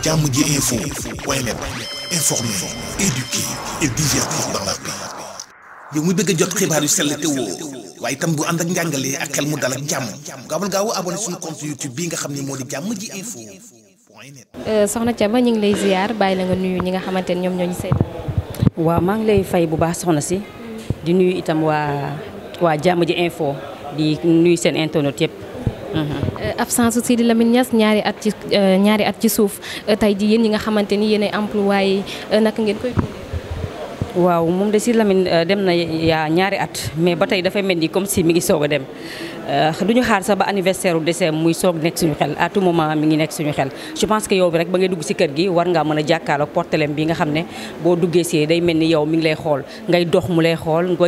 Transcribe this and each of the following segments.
jàmm ji info point net informer, éduquer et divertir dans la paix. jot xibaar yu sell itam bu ànd ak njàngalee ak xel mu dal ak jàmm gaawal gaaw abonné suñu compte YouTube bii nga xam ne moo di jàmm ji info. Euh, soxna Thiaba ñu ngi lay ziar bàyyi la nga nuyu ñi nga xamante ne ñoom ñoo ñu seetal. waaw maa ngi lay fay bu baax soxna si di nuyu itam waa waa jàmm ji info di nuyu seen internet yëpp. Euh, absence Sidi Lamine Niass ñaari at ci euh, ñaari at ci suuf euh, tey ji yéen ñi nga xamante ni yéen ay employé yi naka ngeen koy waaw moom de si Lamine dem na yaa ñaari at mais ba tey dafay mel ni comme si mi ngi soog a dem Euh, du ñu xaar sax ba anniversaire muy soog nekk suñu xel à tout moment mi ngi nekk suñu xel je pense que yow bi rek ba ngay dugg si kër gi war ngaa mën a jàkkaarloog portelem bi nga xam ne boo duggee si yow mu lay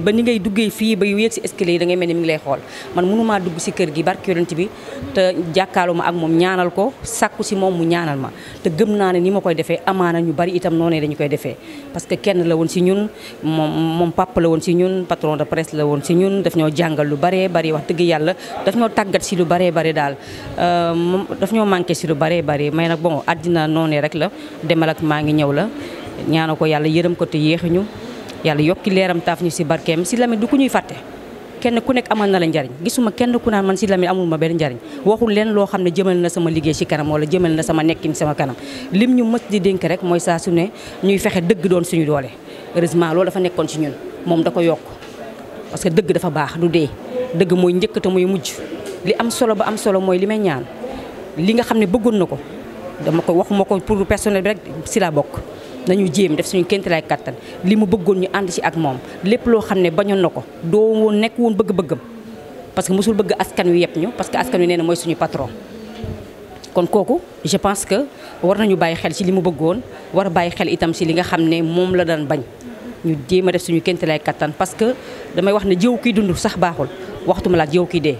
ba ni ngay si escalier yi da mel ni mi ngi lay xool man mënumaa dugg si kër gi barki yonent bi te jàkkaalu ma ak moom ñaanal ko sàkku si moom mu ñaanal ma te gëm naa ne ni ma koy defee amaana ñu bari itam noonu dañu koy defee parce kenn la woon de presse la woon si ñun daf ñoo yàlla daf ñoo tàggat si lu baree bari daal euh, moom daf ñoo manqué si lu baree bari may nag bon àddina noonee rek la demal ak maa ngi ñëw la ñaana ko yàlla yërëm ko te yéexuñu yàlla yokki leeram taaf ñu si barkeem si Lamine du ku ñuy fàtte kenn ku nekk amal na la njariñ gisuma kenn ku naan man si Lamine amul ma benn njariñ waxul leen loo xam ne jëmal na sama liggéey si kanam wala jëmal na sama nekkin sama kanam lim ñu mës di dénk rek mooy saa su ne ñuy fexe dëgg doon suñu doole heureusement loolu dafa nekkoon si ñun moom parce que dëgg dafa baax du dee dëgg mooy njëkk te mooy mujj li am solo ba am solo mooy li may ñaan li nga xam ne bëggoon na ko dama ko waxuma ko pour personnel bi rek si laa bokk nañu jéem def suñu kéntalaay kattan li mu bëggoon ñu ànd si ak moom lépp loo xam ne bañoon na ko doo woon nekk woon bëgg-bëggam parce que mosul bëgg askan wi yëpp ñu parce que askan wi nee na mooy suñu patron kon kooku je pense que war nañu bàyyi xel ci li mu bëggoon war a bàyyi xel itam ci li nga xam ne moom la daan bañ ñu jéem a def suñu kénte lay kattan parce que damay wax ne jiw kiy dund sax baaxul waxtuma laa jiw kiy dee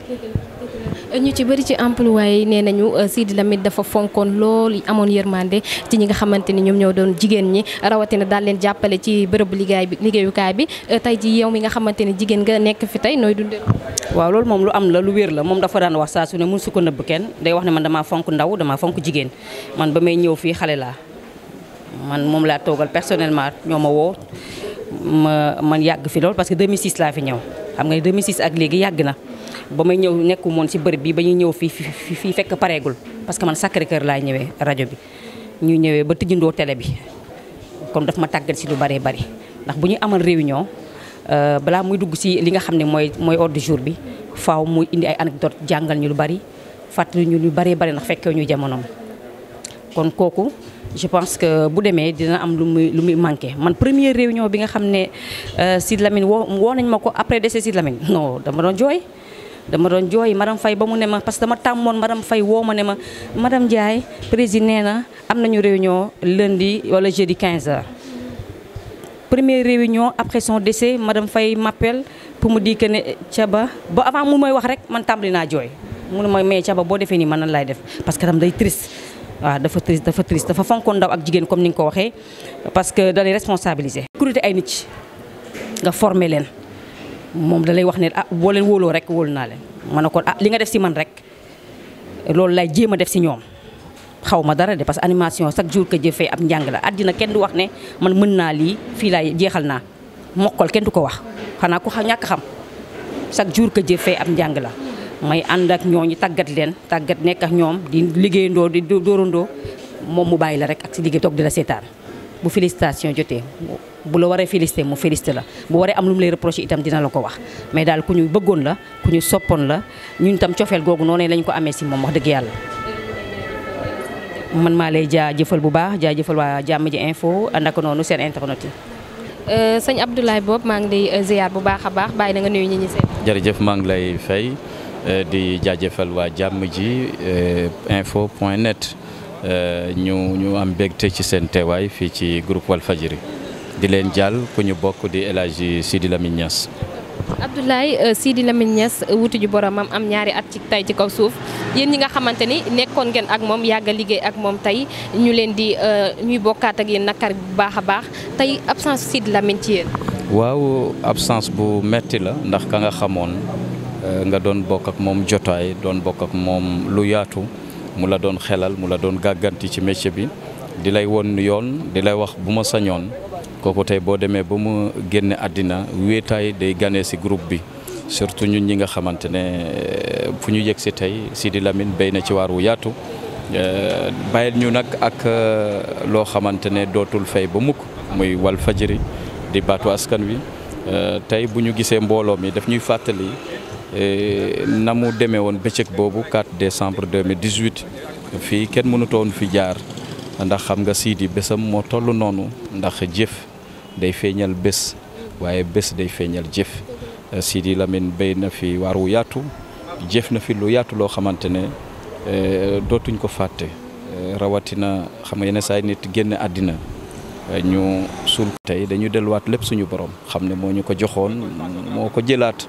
ñu ci bëri ci employé yi nee nañu euh, Sidi Lamine dafa fonkoon lool amoon yërmande ci ñi nga xamante ni ñoom ñoo doon jigéen ñi rawatina daal leen jàppale ci bërëbu liggéey bi liggéeyukaay bi euh, tey ji yow mi nga xamante ni jigéen nga nekk fi tey nooy dundee. waaw loolu moom lu am la lu wér la moom dafa daan wax saa su ne mun su ko nëbb kenn day wax ne man damaa fonk ndaw damaa fonk jigéen man ba may ñëw fii xale laa man moom laa toogal personnellement ñoo ma woo ma man yàgg fi lool parce que 2006 laa fi ñëw xam nga ne 2006 ak léegi yàgg na ba may ñëw nekku moon si bërëb bi ba ñuy ñëw fii fii fii fekk pareegul parce que man Sacré Cœur laay ñëwee rajo bi ñuy ñëwee ba tëjandoo télé bi kon daf ma tàggat si lu bëree bëri ndax bu ñu amal réunion euh, balaa muy dugg si li nga xam ne mooy mooy ordre du jour bi faw muy indi ay anecdote jàngal ñu lu bëri fàttali ñu ñu bëree bëri ndax fekkee ñu jamonoom kon kooku je pense que bu demee dina am lu muy lu muy manqué man première réunion bi nga xam ne euh, Sidy Lamine woo woo nañ ma ko après décès Sidy Lamine non dama doon jooy dama doon jooy madame fay ba mu ne ma parce que dama tàmmoon madame Faye woo ma ne ma madame Ndiaye président nee na am nañu réunion lundi wala jeudi 15h. première réunion après son décès madame Faye m'appelle pour mu di ne Thiaba ba avant mu may wax rek man li naa jooy mu ne ma mais Thiaba boo defee nii man nan laay def parce que tam day waaw dafa triste dafa dafa fonkoon ndaw ak jigéen comme ni nga ko waxee parce que da lay responsabiliser. ay nit ci nga former leen moom da lay wax ne ah boo wooloo rek wóolu naa leen ma ne kon ah li nga def si man rek loolu lay jéem a def si ñoom xaw ma dara de parce que animation chaque jour que jëfee ab njàng la àddina kenn du wax ne man mën naa lii fii laay jeexal naa mokkal kenn du ko wax xanaa ku ñàkk xam chaque jour que jëfee ab njàng la. may ànd ak ñooñu tàggat leen tàggat nekk ak ñoom di liggéeyandoo di dóorandoo moom mu bàyyi la rek ak si liggéey toog di la seetaan bu félicitation jotee bu la waree félicité mu félicité la bu waree am lu mu lay reproché itam dina la ko wax mais daal ku ñu bëggoon la ku ñu soppoon la ñun tam cofeel googu noonu lañ ko amee si moom wax dëgg yàlla. man maa lay jaajëfal bu baax jaajëfal waa jàmm ji info ànd ak noonu seen internet yi. Euh, sëñ Abdoulaye Bob euh, a baax Euh, di jaajëfal waa jàmm ji euh, info point net euh, ñu ñu am begte ci seen teewaay fii ci groupe Walfadjri di leen jàll ku ñu bokk di El Hadji Sidi Lamine Niass. Abdoulaye Sidi Lamine Niass wuti ju boromam am ñaari at ci tey ci kaw suuf yéen ñi nga xamante ni nekkoon ngeen ak moom yàgg a liggéey ak moom tey ñu leen di ñuy bokkaatak ak yéen nakar bu baax a baax tey absence Sidi Lamine ci yéen. waaw absence bu metti la ndax ka nga xamoon. Euh, nga doon bokk ak moom jotaay doon bokk ak moom lu yaatu mu la doon xelal mu la doon gàgganti ci métier bi di lay won yoon di lay wax bu ma sañoon kooku tey boo demee ba mu génne àddina wéetaay day ganee si groupe bi surtout ñun ñi nga xamante ne euh, fu ñu yëg si tey di Lamine béy na ci waar wu yaatu euh, bàyyil ñu nag ak loo xamante ne dootul fay ba mukk muy wal fajiri di baatu askan wi tey bu ñu gisee mbooloo mi daf ñuy fàttali Eh, na mu demee woon bëccëg boobu 4 décembre 2018 fii kenn mënutoon fi jaar ndax xam nga Sidy bésam moo toll noonu ndax jëf day feeñal bés waaye bés day feeñal jëf eh, Sidy Lamine béy na fi waar wu yaatu jëf na fi lu yaatu loo xamante ne eh, dootuñ ko fàtte rawatina xam nga yenn saa nit génn àddina ñu suul tey dañu delluwaat lépp suñu borom xam ne moo ñu ko joxoon moo ko jëlaat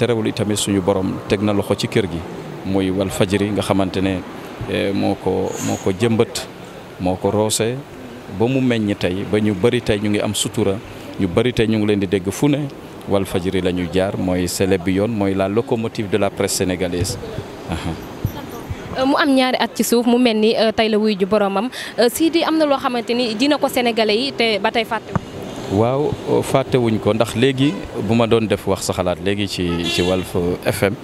terewul itamit suñu borom teg na loxo ci kër gi muy wal fajiri nga xamante ne eh, moo ko moo ko jëmbat moo ko roose ba mu meññ tey ba ñu bëri tey ñu ngi am sutura ñu bëri tey ñu ngi leen di dégg fu ne wal fajiri la jaar mooy célèbre bi yoon mooy la locomotive de la presse sénégalaise. Euh, mu am ñaari at ci suuf mu mel ni euh, tey la wuy ju boromam euh, Sidi am na loo xamante ni dina ko sénégalais yi te ba tey fàttewu waaw fàttewuñ ko ndax léegi bu ma doon def wax sa xalaat léegi ci ci Walf FM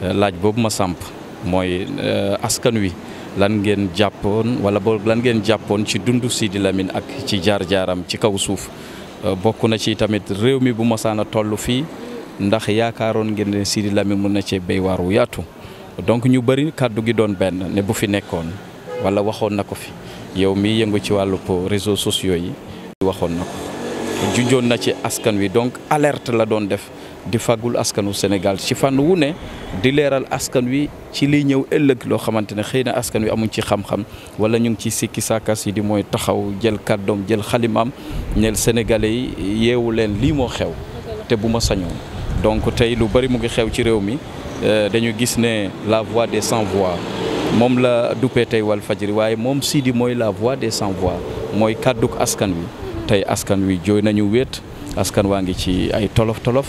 laaj boobu ma samp mooy euh, askan wi lan ngeen jàppoon wala boog lan ngeen jàppoon ci dundu Sidi Lamine ak ci jaar-jaaram ci kaw suuf euh, bokk na ci tamit réew mi bu ma saan toll fii ndax yaakaaroon ngeen ne Sidi Lamine mun na cee béy waar wu yaatu donc ñu bëri kàddu gi doon benn ne bu fi nekkoon wala waxoon na ko fi yow mi yëngu ci wàllu réseaux sociaux yi waxoon na ko. junjoon na ci askan wi donc alerte la doon def di fàggul askanu Sénégal ci fànn wu ne di leeral askan wi ci liy ñëw ëllëg loo xamante ne xëy na askan wi amuñ ci xam-xam wala ñu ngi ci sikki saakas yi di mooy taxaw jël kàddoom jël xalimaam ñeel sénégalais yi yeewu leen lii moo xew te bu ma sañoon donc tey lu bari mu ngi xew ci réew mi euh, dañu gis ne la voix de sans voix moom la duppee tey wal Walfadjri waaye moom Sidi mooy la voix des sans voix mooy kàdduk askan wi tey askan wi jooy nañu wéet askan waa ngi ci ay tolof tolof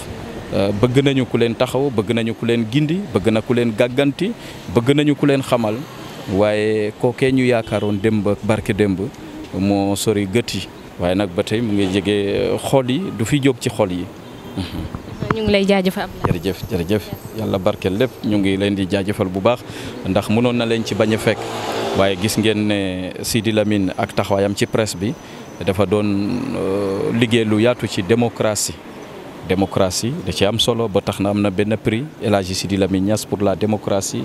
euh, bëgg nañu ku leen taxaw bëgg nañu ku leen gindi bëgg na ku leen gàgganti bëgg nañu ku leen xamal waaye kookee ñu yaakaaroon démb barke démb moo sori gët yi waaye nag ba tey mu ngi jege euh, xol yi du fi jóg ci xol yi. Mhm. ñu ngi lay jaajëfal jërëjëf jërëjëf yàlla barkeel lépp ñu ngi leen di jaajëfal bu baax ndax mënoon na leen ci bañ a fekk waaye gis ngeen ne Sidi Lamine ak taxawaayam ci presse bi. dafa doon euh, liggéey lu yaatu ci démocratie démocratie da ci am solo ba tax na am na benn prix El Hadji Sidi Lamine pour la démocratie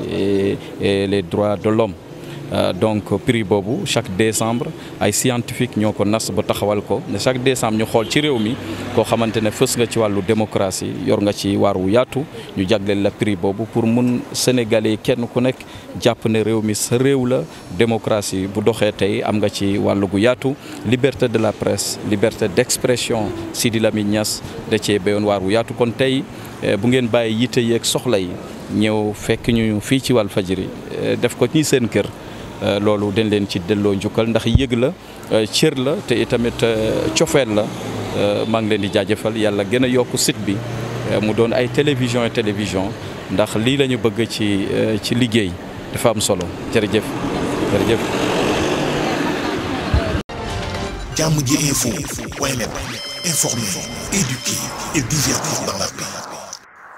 et les droits de l'homme Euh, donc prix boobu chaque décembre ay scientifique ñoo ko nas ba taxawal ko ne chaque décembre ñu xool ci réew mi koo xamante ne fës nga ci wàllu démocratie yor nga ci waar wu yaatu ñu jagleel la prix boobu pour mun sénégalais kenn ku nekk jàpp ne réew mi sa réew la démocratie bu doxee tey am nga ci wàllu gu yaatu liberté de la presse liberté d'expression Sidi Lamine Niass da cee béyoon waar wu yaatu kon tey eh, bu ngeen bàyyi yitte yeeg soxla yi ñëw fekk ñu fii ci Walfadjri eh, def ko ci seen kër Euh, loolu dañ leen ci delloo njukkal ndax yëg la euh, cër la te itamit euh, cofeel la maa ngi leen di jaajëfal yàlla gën a yokk sit bi mu doon ay télévision télévision ndax lii lañu bëgg ci ci liggéey dafa am solo jërëjëf jërëjëf. jàmm